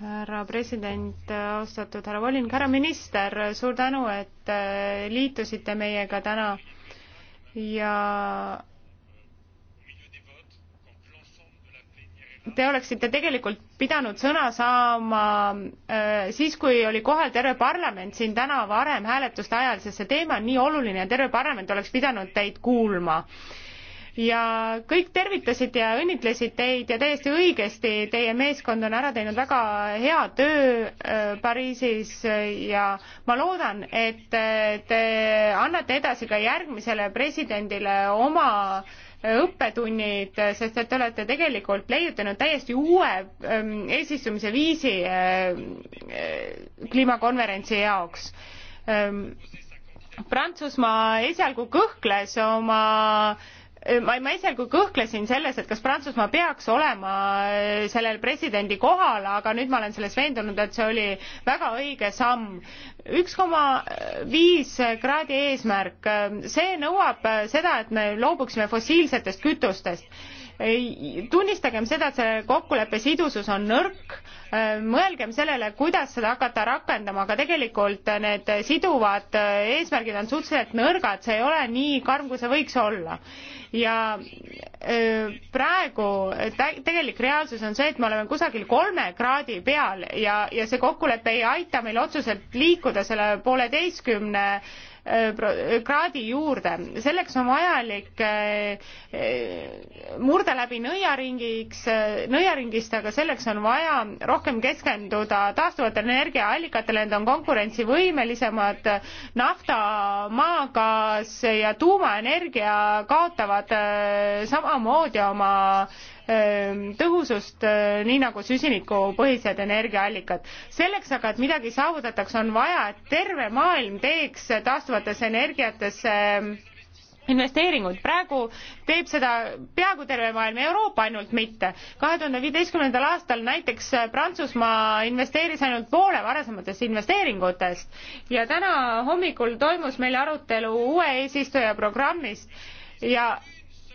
härra president, austatud härra volinik, härra minister, suur tänu, et äh, liitusite meiega täna ja te oleksite tegelikult pidanud sõna saama äh, siis, kui oli kohal terve parlament siin täna varem hääletuste ajal, sest see teema on nii oluline ja terve parlament oleks pidanud teid kuulma ja kõik tervitasid ja õnnitlesid teid ja täiesti õigesti, teie meeskond on ära teinud väga hea töö äh, Pariisis äh, ja ma loodan, et äh, te annate edasi ka järgmisele presidendile oma õppetunnid, sest et te olete tegelikult leiutanud täiesti uue ähm, eesistumise viisi kliimakonverentsi jaoks. Ähm, Prantsusmaa esialgu kõhkles oma äh, ma, ma esialgu kõhklesin selles, et kas Prantsusmaa peaks olema äh, sellel presidendi kohal, aga nüüd ma olen selles veendunud, et see oli väga õige samm. üks koma viis kraadi eesmärk, äh, see nõuab äh, seda, et me loobuksime fossiilsetest kütustest tunnistagem seda, et see kokkuleppe sidusus on nõrk, äh, mõelgem sellele, kuidas seda hakata rakendama, aga tegelikult need siduvad äh, eesmärgid on suhteliselt nõrgad, see ei ole nii karm, kui see võiks olla. ja äh, praegu tegelik reaalsus on see, et me oleme kusagil kolme kraadi peal ja, ja see kokkulepe ei aita meil otseselt liikuda selle pooleteistkümne Äh, kraadi juurde. selleks on vajalik äh, murda läbi nõiaringiks, äh, nõiaringist, aga selleks on vaja rohkem keskenduda taastuvatele energiaallikatele, need on konkurentsivõimelisemad, nafta, maagaas ja tuumaenergia kaotavad samamoodi oma Ähm, tõhusust, äh, nii nagu süsinikupõhised energiaallikad. selleks aga, et midagi saavutataks, on vaja, et terve maailm teeks taastuvatesse energiatesse ähm, investeeringuid. praegu teeb seda peaaegu terve maailm, Euroopa ainult mitte. kahe tuhande viieteistkümnendal aastal näiteks Prantsusmaa investeeris ainult poole varasematest investeeringutest ja täna hommikul toimus meil arutelu uue eesistuja programmist ja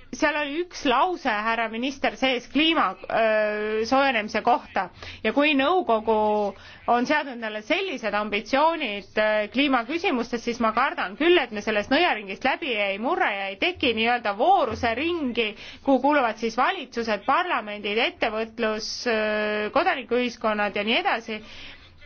seal oli üks lause, härra minister, sees kliima öö, soojenemise kohta ja kui nõukogu on seadnud endale sellised ambitsioonid kliimaküsimustes, siis ma kardan küll, et me sellest nõiaringist läbi ei murra ja ei teki nii-öelda vooruse ringi, kuhu kuuluvad siis valitsused, parlamendid, ettevõtlus, kodanikuühiskonnad ja nii edasi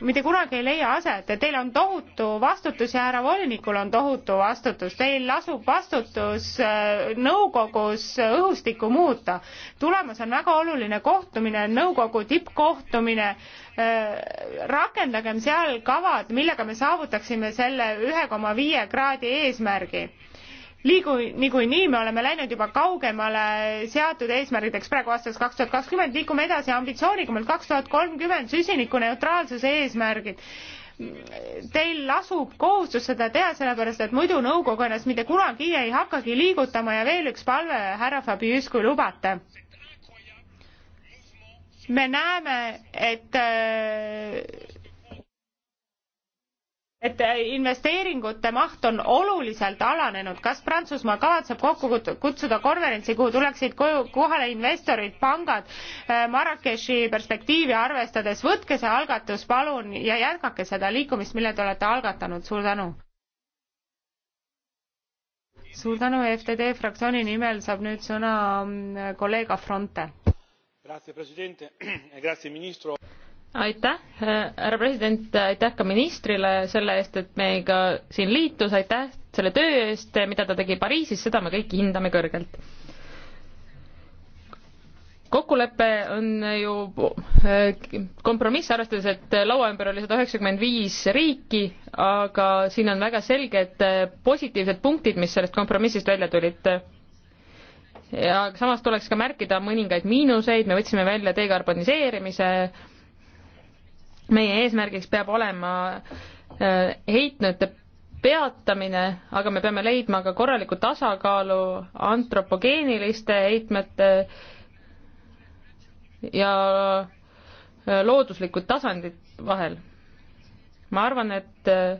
mitte kunagi ei leia aset ja teil on tohutu vastutus ja härra volinikul on tohutu vastutus, teil lasub vastutus äh, nõukogus õhustikku muuta. tulemas on väga oluline kohtumine, nõukogu tippkohtumine, äh, rakendagem seal kavad, millega me saavutaksime selle ühe koma viie kraadi eesmärgi liigu, niikuinii me oleme läinud juba kaugemale seatud eesmärgideks praegu aastaks kaks tuhat kakskümmend, liigume edasi ambitsioonikamalt, kaks tuhat kolmkümmend süsinikuneutraalsuse eesmärgid. Teil lasub kohustus seda teha, sellepärast et muidu nõukogu ennast mitte kunagi ei hakkagi liigutama ja veel üks palve, härra Fabius, kui lubate me näeme, et äh, et äh, investeeringute maht on oluliselt alanenud. kas Prantsusmaa kavatseb kokku kutsuda konverentsi, kuhu tuleksid koju, kohale investorid, pangad äh, Marrakechi perspektiivi arvestades? võtke see algatus palun ja jätkake seda liikumist, mille te olete algatanud. suur tänu! suur tänu, EFTD fraktsiooni nimel saab nüüd sõna mm, kolleeg Afronte. aitäh, härra president, aitäh ka ministrile selle eest, et meiega siin liitus, aitäh selle töö eest, mida ta tegi Pariisis, seda me kõik hindame kõrgelt. kokkulepe on ju eh, kompromiss, arvestades, et laua ümber oli sada üheksakümmend viis riiki, aga siin on väga selged positiivsed punktid, mis sellest kompromissist välja tulid ja samas tuleks ka märkida mõningaid miinuseid, me võtsime välja dekarboniseerimise äh, meie eesmärgiks peab olema äh, heitmete peatamine, aga me peame leidma ka korraliku tasakaalu antropogeeniliste heitmete ja äh, looduslikud tasandid vahel. ma arvan, et äh,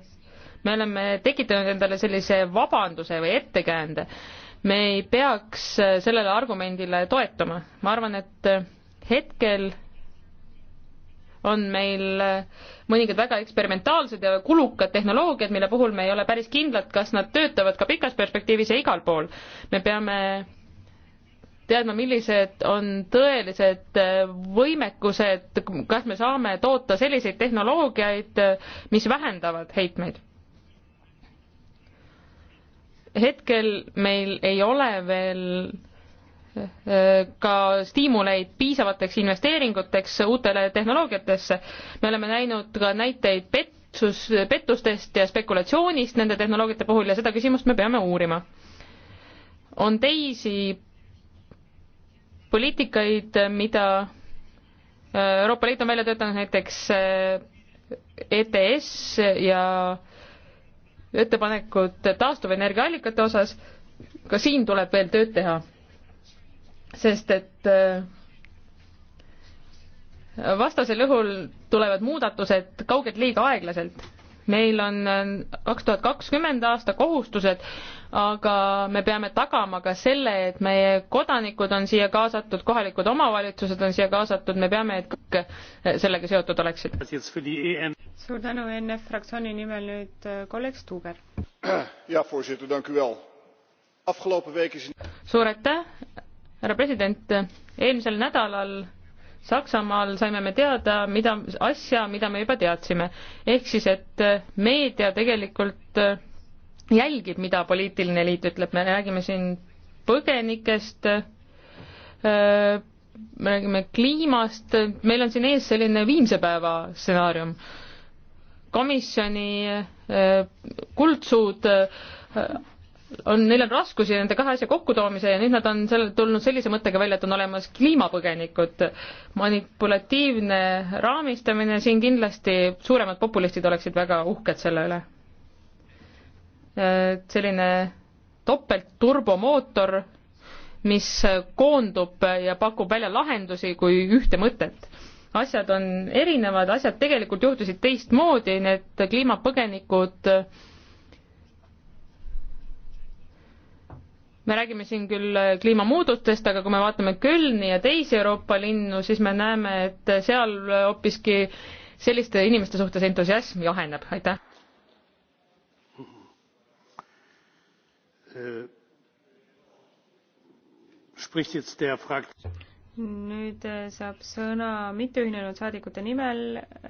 me oleme tekitanud endale sellise vabanduse või ettekäände. me ei peaks sellele argumendile toetuma. ma arvan, et hetkel on meil äh, mõningad väga eksperimentaalsed ja kulukad tehnoloogiad, mille puhul me ei ole päris kindlad, kas nad töötavad ka pikas perspektiivis ja igal pool. me peame teadma, millised on tõelised äh, võimekused, kas me saame toota selliseid tehnoloogiaid, äh, mis vähendavad heitmeid. hetkel meil ei ole veel ka stiimuleid piisavateks investeeringuteks uutele tehnoloogiatesse. me oleme näinud ka näiteid petsus, pettustest ja spekulatsioonist nende tehnoloogiate puhul ja seda küsimust me peame uurima. on teisi poliitikaid, mida Euroopa Liit on välja töötanud, näiteks äh, ETS ja ettepanekud taastuvenergiaallikate osas, ka siin tuleb veel tööd teha sest et äh, vastasel juhul tulevad muudatused kaugelt liiga aeglaselt. meil on äh, kaks tuhat kakskümmend aasta kohustused, aga me peame tagama ka selle, et meie kodanikud on siia kaasatud, kohalikud omavalitsused on siia kaasatud, me peame, et kõik äh, sellega seotud oleksid. suur tänu, NF fraktsiooni nimel nüüd kolleeg Stuuber. jah, voorzitter, tänan küll. suur aitäh, härra president, eelmisel nädalal Saksamaal saime me teada, mida, asja, mida me juba teadsime. ehk siis, et meedia tegelikult jälgib, mida poliitiline liit ütleb, me räägime siin põgenikest, me räägime kliimast, meil on siin ees selline viimse päeva stsenaarium. komisjoni kuldsuud on, neil on raskusi nende kahe asja kokkutoomise ja nüüd nad on selle, tulnud sellise mõttega välja, et on olemas kliimapõgenikud. manipulatiivne raamistamine, siin kindlasti suuremad populistid oleksid väga uhked selle üle. Äh, selline topeltturbomootor, mis koondub ja pakub välja lahendusi kui ühte mõtet asjad on erinevad, asjad tegelikult juhtusid teistmoodi, need kliimapõgenikud äh, me räägime siin küll äh, kliimamuutustest, aga kui me vaatame Kölni ja teisi Euroopa linnu, siis me näeme, et seal hoopiski selliste inimeste suhtes entusiasm jaheneb, aitäh. Äh, nüüd äh, saab sõna mitteühinenud saadikute nimel äh,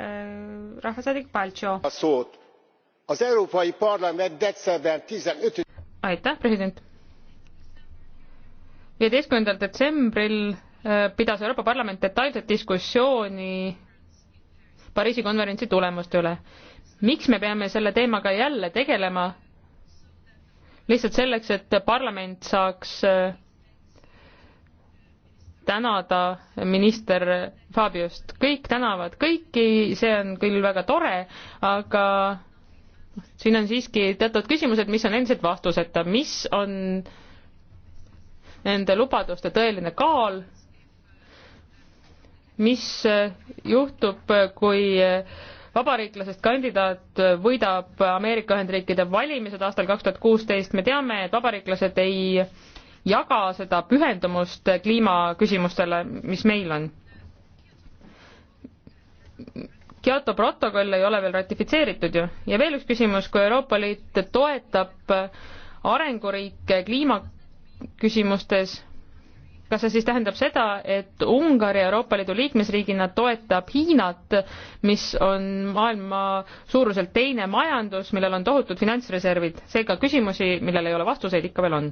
rahvasaadik Paltšo. aitäh, president viieteistkümnendal detsembril äh, pidas Euroopa Parlament detailset diskussiooni Pariisi konverentsi tulemuste üle. miks me peame selle teemaga jälle tegelema? lihtsalt selleks, et parlament saaks äh, tänada minister Fabiust. kõik tänavad kõiki, see on küll väga tore, aga siin on siiski teatud küsimused, mis on endiselt vastuseta, mis on äh, nende lubaduste tõeline kaal, mis juhtub, kui vabariiklasest kandidaat võidab Ameerika Ühendriikide valimised aastal kaks tuhat kuusteist, me teame, et vabariiklased ei jaga seda pühendumust kliimaküsimustele, mis meil on. Kyoto protokoll ei ole veel ratifitseeritud ju. ja veel üks küsimus, kui Euroopa Liit toetab arenguriike kliima küsimustes, kas see siis tähendab seda, et Ungari Euroopa Liidu liikmesriigina toetab Hiinat, mis on maailma suuruselt teine majandus, millel on tohutud finantsreservid, seega küsimusi, millel ei ole vastuseid, ikka veel on.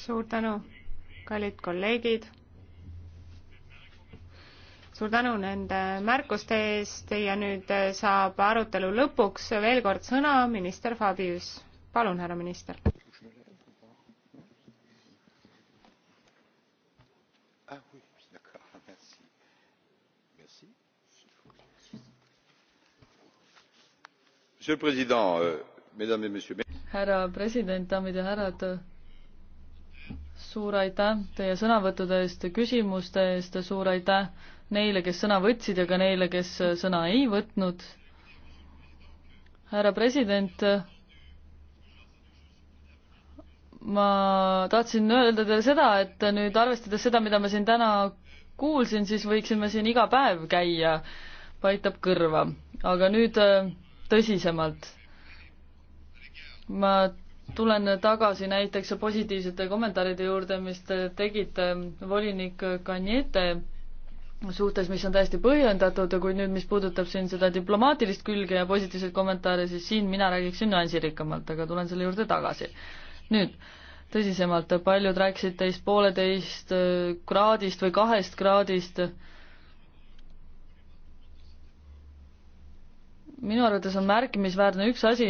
suur tänu, kallid kolleegid suur tänu nende märkuste eest ja nüüd saab arutelu lõpuks veel kord sõna minister Fabius. palun, härra minister. Ah euh, härra president daamid ja härrad suur aitäh teie sõnavõttude eest küsimuste eest suur aitäh neile, kes sõna võtsid ja ka neile, kes äh, sõna ei võtnud. härra president, ma tahtsin öelda teile seda, et nüüd arvestades seda, mida ma siin täna kuulsin, siis võiksime siin iga päev käia, paitab kõrva. aga nüüd äh, tõsisemalt. ma tulen tagasi näiteks positiivsete kommentaaride juurde, mis te tegite volinik Kanjete suhtes, mis on täiesti põhjendatud, kuid nüüd, mis puudutab siin seda diplomaatilist külge ja positiivseid kommentaare, siis siin mina räägiksin nüansirikkamalt, aga tulen selle juurde tagasi. nüüd, tõsisemalt, paljud rääkisid teist pooleteist äh, kraadist või kahest kraadist. minu arvates on märkimisväärne üks asi,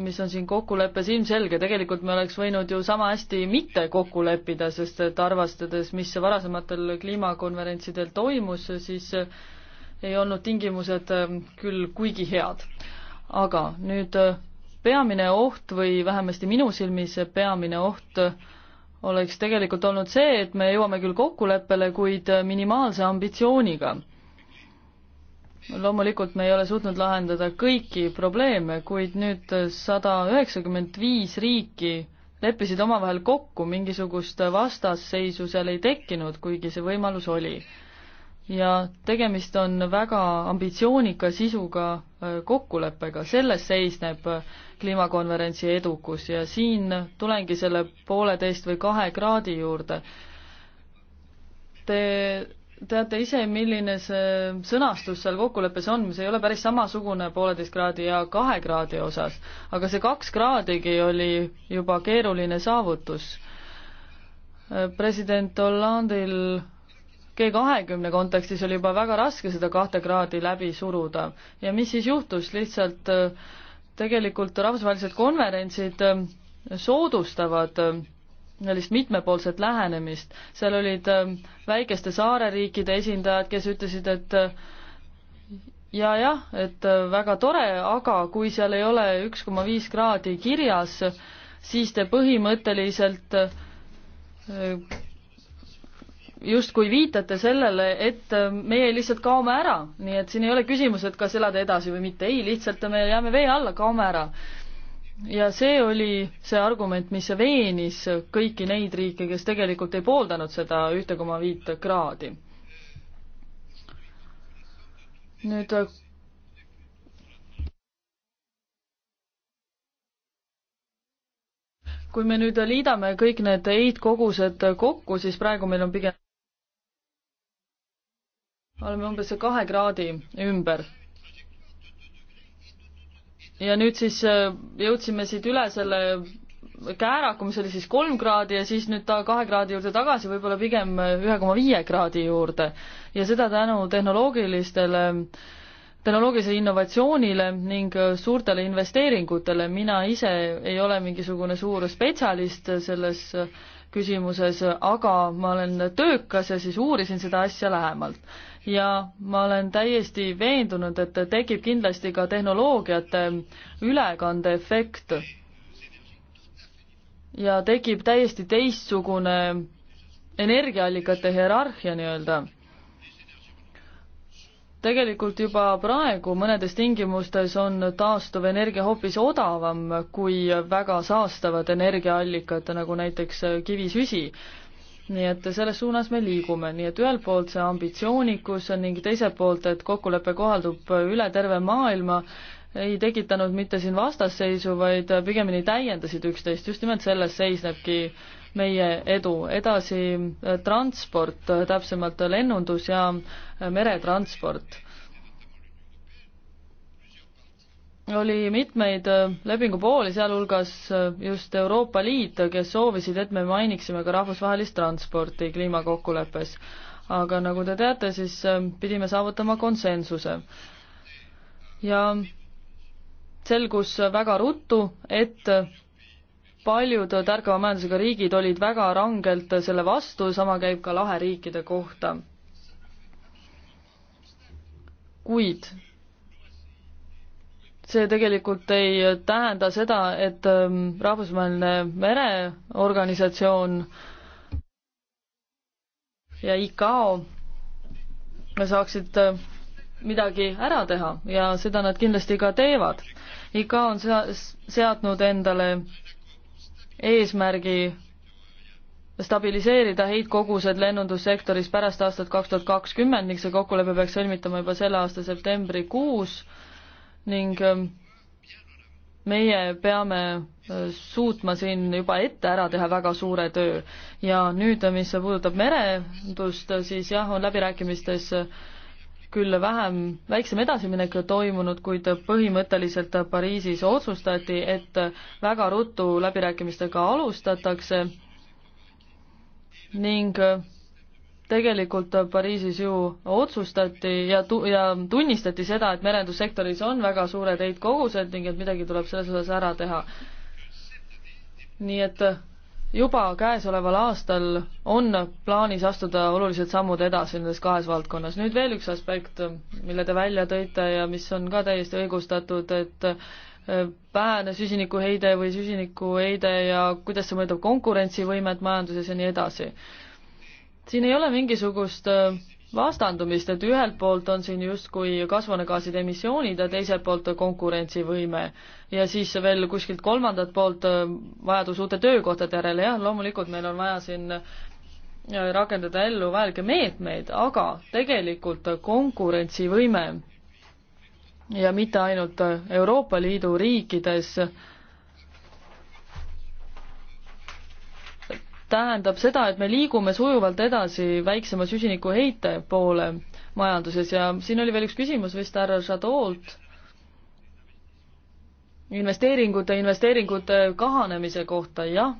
mis on siin kokkuleppes ilmselge, tegelikult me oleks võinud ju sama hästi mitte kokku leppida, sest et arvestades, mis varasematel kliimakonverentsidel toimus, siis ei olnud tingimused ähm, küll kuigi head. aga nüüd äh, peamine oht või vähemasti minu silmis peamine oht oleks tegelikult olnud see, et me jõuame küll kokkuleppele, kuid äh, minimaalse ambitsiooniga loomulikult me ei ole suutnud lahendada kõiki probleeme, kuid nüüd sada üheksakümmend viis riiki leppisid omavahel kokku, mingisugust vastasseisu seal ei tekkinud, kuigi see võimalus oli. ja tegemist on väga ambitsioonika sisuga äh, kokkuleppega, selles seisneb äh, kliimakonverentsi edukus ja siin tulengi selle pooleteist või kahe kraadi juurde. Te teate ise, milline see sõnastus seal kokkuleppes on, see ei ole päris samasugune pooleteist kraadi ja kahe kraadi osas, aga see kaks kraadigi oli juba keeruline saavutus. president Hollandil G kahekümne kontekstis oli juba väga raske seda kahte kraadi läbi suruda ja mis siis juhtus, lihtsalt äh, tegelikult rahvusvahelised konverentsid äh, soodustavad äh, sellist mitmepoolset lähenemist, seal olid ähm, väikeste saareriikide esindajad, kes ütlesid, et äh, jajah, et äh, väga tore, aga kui seal ei ole üks koma viis kraadi kirjas, siis te põhimõtteliselt äh, justkui viitate sellele, et meie lihtsalt kaome ära, nii et siin ei ole küsimus, et kas elada edasi või mitte, ei, lihtsalt me jääme vee alla, kaome ära ja see oli see argument, mis veenis kõiki neid riike, kes tegelikult ei pooldanud seda ühte koma viit kraadi. nüüd kui me nüüd liidame kõik need heitkogused kokku, siis praegu meil on pigem, oleme umbes kahe kraadi ümber ja nüüd siis äh, jõudsime siit üle selle kääraku, mis oli siis kolm kraadi ja siis nüüd ta kahe kraadi juurde tagasi, võib-olla pigem äh, ühe koma viie kraadi juurde. ja seda tänu tehnoloogilistele, tehnoloogilisele innovatsioonile ning äh, suurtele investeeringutele. mina ise ei ole mingisugune suur spetsialist selles küsimuses, aga ma olen töökas ja siis uurisin seda asja lähemalt ja ma olen täiesti veendunud, et tekib kindlasti ka tehnoloogiate ülekandeefekt. ja tekib täiesti teistsugune energiaallikate hierarhia nii-öelda. tegelikult juba praegu mõnedes tingimustes on taastuvenergia hoopis odavam kui väga saastavad energiaallikad, nagu näiteks kivisüsi nii et selles suunas me liigume, nii et ühelt poolt see ambitsioonikus ning teiselt poolt, et kokkulepe kohaldub üle terve maailma, ei tekitanud mitte siin vastasseisu, vaid pigemini täiendasid üksteist, just nimelt selles seisnebki meie edu. edasi eh, transport, täpsemalt lennundus ja meretransport oli mitmeid äh, lepingupooli, sealhulgas äh, just Euroopa Liit, kes soovisid, et me mainiksime ka rahvusvahelist transporti kliimakokkuleppes. aga nagu te teate, siis äh, pidime saavutama konsensuse. ja selgus väga ruttu, et paljud tarkava majandusega riigid olid väga rangelt selle vastu, sama käib ka laheriikide kohta. kuid see tegelikult ei tähenda seda, et ähm, rahvusvaheline mereorganisatsioon ja ICAO saaksid äh, midagi ära teha ja seda nad kindlasti ka teevad. ICAO on sea-, seadnud endale eesmärgi stabiliseerida heitkogused lennundussektoris pärast aastat kaks tuhat kakskümmend ning see kokkulepe peaks sõlmitama juba selle aasta septembrikuus ning ähm, meie peame äh, suutma siin juba ette ära teha väga suure töö. ja nüüd, mis puudutab merendust, siis jah, on läbirääkimistes küll vähem, väiksem edasiminek toimunud, kuid põhimõtteliselt Pariisis otsustati, et väga ruttu läbirääkimistega alustatakse ning tegelikult Pariisis ju otsustati ja tu-, ja tunnistati seda, et merendussektoris on väga suured heitkogused ning et midagi tuleb selles osas ära teha. nii et juba käesoleval aastal on plaanis astuda olulised sammud edasi nendes kahes valdkonnas. nüüd veel üks aspekt, mille te välja tõite ja mis on ka täiesti õigustatud, et vähene süsinikuheide või süsinikuheide ja kuidas see mõjutab konkurentsivõimet majanduses ja nii edasi siin ei ole mingisugust äh, vastandumist, et ühelt poolt on siin justkui kasvuhoonegaaside emissioonid ja teiselt poolt konkurentsivõime. ja siis veel kuskilt kolmandat poolt äh, vajadus uute töökohtade järele, jah, loomulikult meil on vaja siin äh, rakendada ellu vajalikke meetmeid, aga tegelikult konkurentsivõime ja mitte ainult Euroopa Liidu riikides, tähendab seda, et me liigume sujuvalt edasi väiksema süsinikuheite poole majanduses ja siin oli veel üks küsimus vist härra Žadolt investeeringute, investeeringute kahanemise kohta, jah.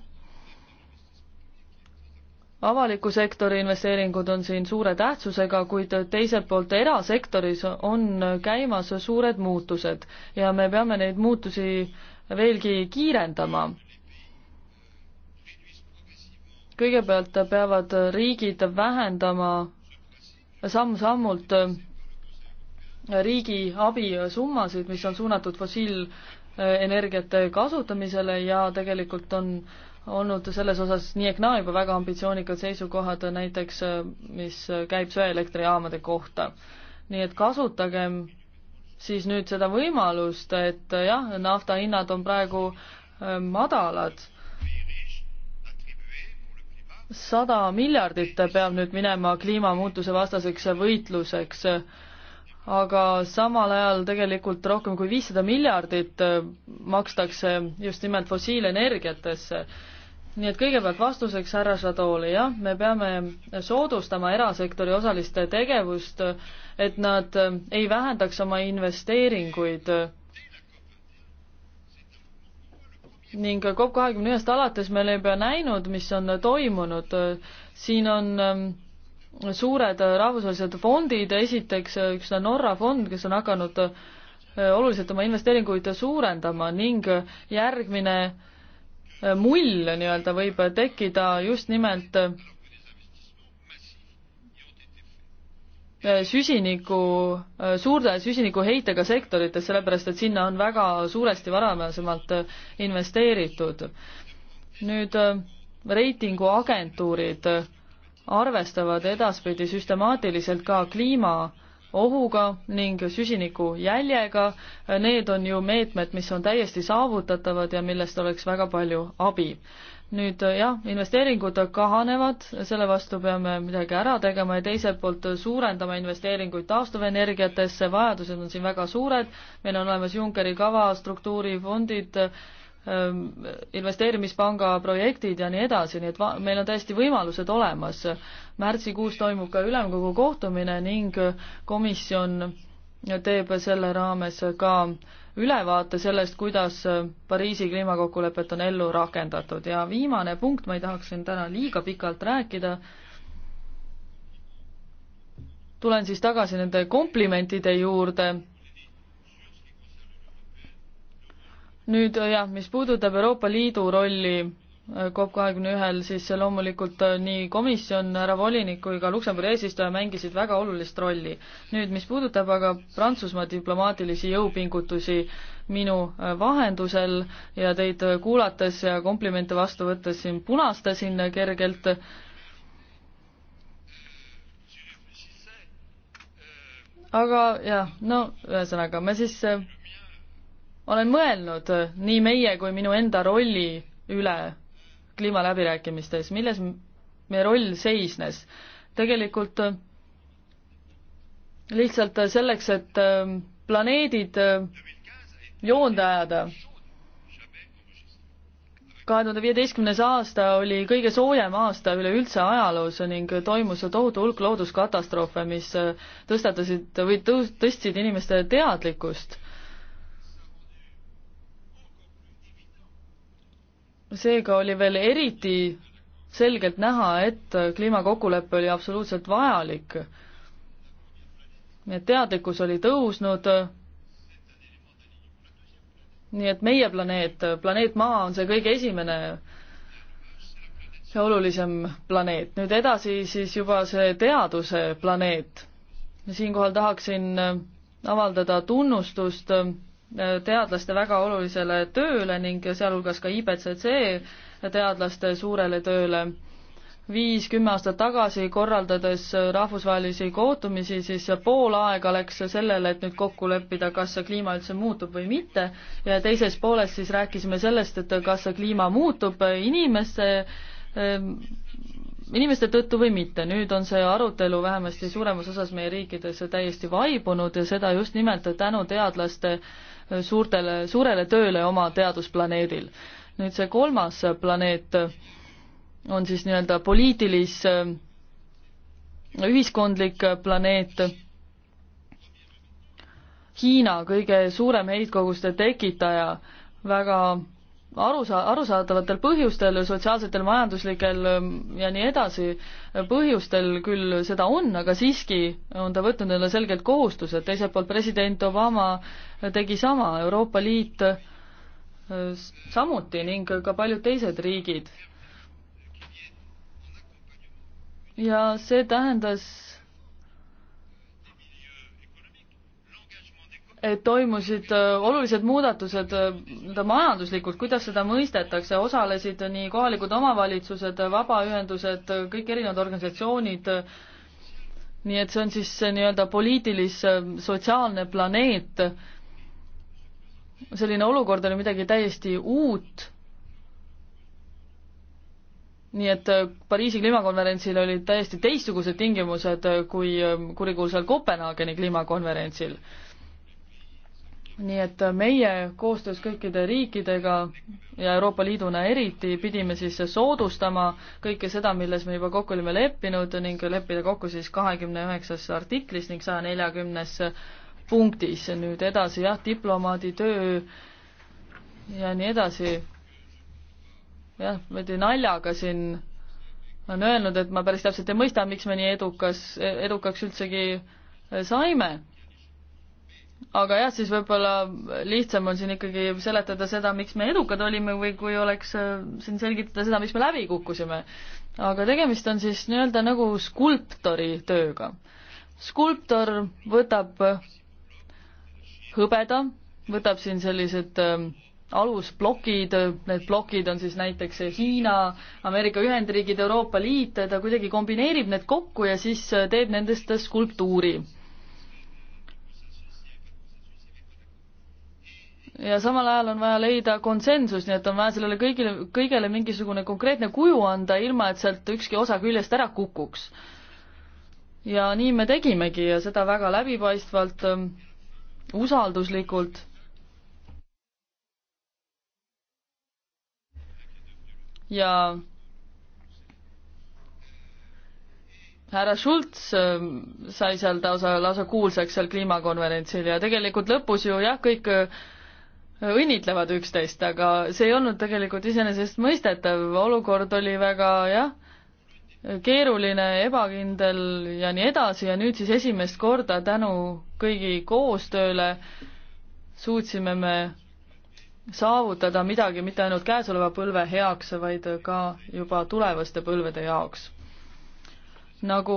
avaliku sektori investeeringud on siin suure tähtsusega, kuid teiselt poolt erasektoris on käimas suured muutused ja me peame neid muutusi veelgi kiirendama kõigepealt peavad riigid vähendama samm-sammult riigi abisummasid, mis on suunatud fossiilenergiate kasutamisele ja tegelikult on olnud selles osas nii ehk naa juba väga ambitsioonikad seisukohad, näiteks mis käib söeelektrijaamade kohta. nii et kasutagem siis nüüd seda võimalust, et jah, nafta hinnad on praegu äh, madalad sada miljardit peab nüüd minema kliimamuutuse vastaseks võitluseks, aga samal ajal tegelikult rohkem kui viissada miljardit makstakse just nimelt fossiilenergiatesse. nii et kõigepealt vastuseks härra Šadooli, jah, me peame soodustama erasektori osaliste tegevust, et nad ei vähendaks oma investeeringuid ning COP kahekümne ühest alates me oleme juba näinud, mis on toimunud. siin on ähm, suured rahvusvahelised fondid, esiteks üks Norra fond, kes on hakanud äh, oluliselt oma investeeringuid suurendama ning järgmine äh, mull nii-öelda võib tekkida just nimelt äh, Äh, süsiniku, äh, suurde süsinikuheitega sektorites, sellepärast et sinna on väga suuresti varasemalt äh, investeeritud. nüüd reitinguagentuurid arvestavad edaspidi süstemaatiliselt ka kliimaohuga ning süsiniku jäljega, need on ju meetmed, mis on täiesti saavutatavad ja millest oleks väga palju abi nüüd jah, investeeringud kahanevad, selle vastu peame midagi ära tegema ja teiselt poolt suurendame investeeringuid taastuvenergiatesse, vajadused on siin väga suured, meil on olemas Junckeri kava, struktuurifondid, ähm, investeerimispanga projektid ja nii edasi, nii et va-, meil on täiesti võimalused olemas. märtsikuus toimub ka ülemkogu kohtumine ning komisjon teeb selle raames ka äh, ülevaate sellest, kuidas äh, Pariisi kliimakokkulepet on ellu rakendatud ja viimane punkt, ma ei tahaks siin täna liiga pikalt rääkida, tulen siis tagasi nende komplimentide juurde. nüüd jah, mis puudutab Euroopa Liidu rolli COP kahekümne ühel, siis loomulikult äh, nii komisjon, härra volinik kui ka Luksemburgi eesistuja mängisid väga olulist rolli. nüüd, mis puudutab aga Prantsusmaa diplomaatilisi jõupingutusi minu äh, vahendusel ja teid äh, kuulates ja komplimente vastu võttes siin punastasin kergelt, aga jah, no ühesõnaga, ma siis olen mõelnud nii meie kui minu enda rolli üle kliimaläbirääkimistes, milles meie roll seisnes? tegelikult äh, lihtsalt äh, selleks, et äh, planeedid joonde ajada. kahe tuhande viieteistkümnes aasta oli kõige soojem aasta üleüldse ajaloos ning toimus tohutu hulk looduskatastroofe, mis tõstatasid või tõstsid inimeste teadlikkust seega oli veel eriti selgelt näha, et kliimakokkulepe oli absoluutselt vajalik. nii et teadlikkus oli tõusnud, nii et meie planeet, planeet Maa on see kõige esimene ja olulisem planeet. nüüd edasi siis juba see teaduse planeet. siinkohal tahaksin avaldada tunnustust teadlaste väga olulisele tööle ning sealhulgas ka IPCC teadlaste suurele tööle. viis-kümme aastat tagasi korraldades rahvusvahelisi kohtumisi, siis pool aega läks sellele, et nüüd kokku leppida, kas see kliima üldse muutub või mitte ja teises pooles siis rääkisime sellest, et kas see kliima muutub inimeste ähm, inimeste tõttu või mitte, nüüd on see arutelu vähemasti suuremas osas meie riikides täiesti vaibunud ja seda just nimelt tänu teadlaste äh, suurtele, suurele tööle oma teadusplaneedil. nüüd see kolmas planeet on siis nii-öelda poliitilis ühiskondlik planeet, Hiina kõige suurem heitkoguste tekitaja, väga arusa-, arusaadavatel põhjustel, sotsiaalsetel, majanduslikel ähm, ja nii edasi äh, põhjustel küll seda on, aga siiski on ta võtnud endale selgelt kohustused, teiselt poolt president Obama äh, tegi sama, Euroopa Liit äh, samuti ning ka paljud teised riigid. ja see tähendas toimusid äh, olulised muudatused äh, nii-öelda majanduslikult, kuidas seda mõistetakse, osalesid nii kohalikud omavalitsused, vabaühendused, kõik erinevad organisatsioonid, nii et see on siis nii-öelda poliitilis-sotsiaalne planeet, selline olukord oli midagi täiesti uut, nii et äh, Pariisi kliimakonverentsil olid täiesti teistsugused tingimused kui kurikuulsal Kopenhaageni kliimakonverentsil nii et meie koostöös kõikide riikidega ja Euroopa Liiduna eriti pidime siis soodustama kõike seda, milles me juba kokku olime leppinud ning leppida kokku siis kahekümne üheksas artiklis ning saja neljakümnes punktis. nüüd edasi jah, diplomaadi töö ja nii edasi. jah, veidi naljaga siin on öelnud, et ma päris täpselt ei mõista, miks me nii edukas, edukaks üldsegi saime aga jah, siis võib-olla lihtsam on siin ikkagi seletada seda, miks me edukad olime või kui oleks äh, siin selgitada seda, miks me läbi kukkusime. aga tegemist on siis nii-öelda nagu skulptori tööga. skulptor võtab hõbeda, võtab siin sellised ähm, alusplokid, need plokid on siis näiteks Hiina, Ameerika Ühendriigid, Euroopa Liit, ta kuidagi kombineerib need kokku ja siis äh, teeb nendest skulptuuri ja samal ajal on vaja leida konsensus, nii et on vaja sellele kõigile, kõigele mingisugune konkreetne kuju anda, ilma et sealt ükski osa küljest ära kukuks. ja nii me tegimegi ja seda väga läbipaistvalt, usalduslikult. ja härra Schultz ähm, sai seal lausa, lausa kuulsaks seal kliimakonverentsil ja tegelikult lõpus ju jah, kõik õnnitlevad üksteist, aga see ei olnud tegelikult iseenesestmõistetav, olukord oli väga jah, keeruline, ebakindel ja nii edasi ja nüüd siis esimest korda tänu kõigi koostööle suutsime me saavutada midagi mitte ainult käesoleva põlve heaks, vaid ka juba tulevaste põlvede jaoks. nagu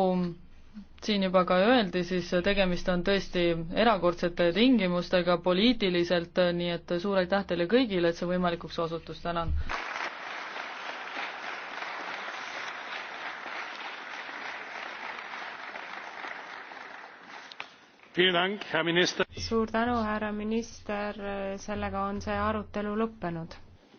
siin juba ka öeldi, siis tegemist on tõesti erakordsete tingimustega poliitiliselt, nii et suur aitäh teile kõigile, et see võimalikuks osutus, tänan. suur tänu, härra minister, sellega on see arutelu lõppenud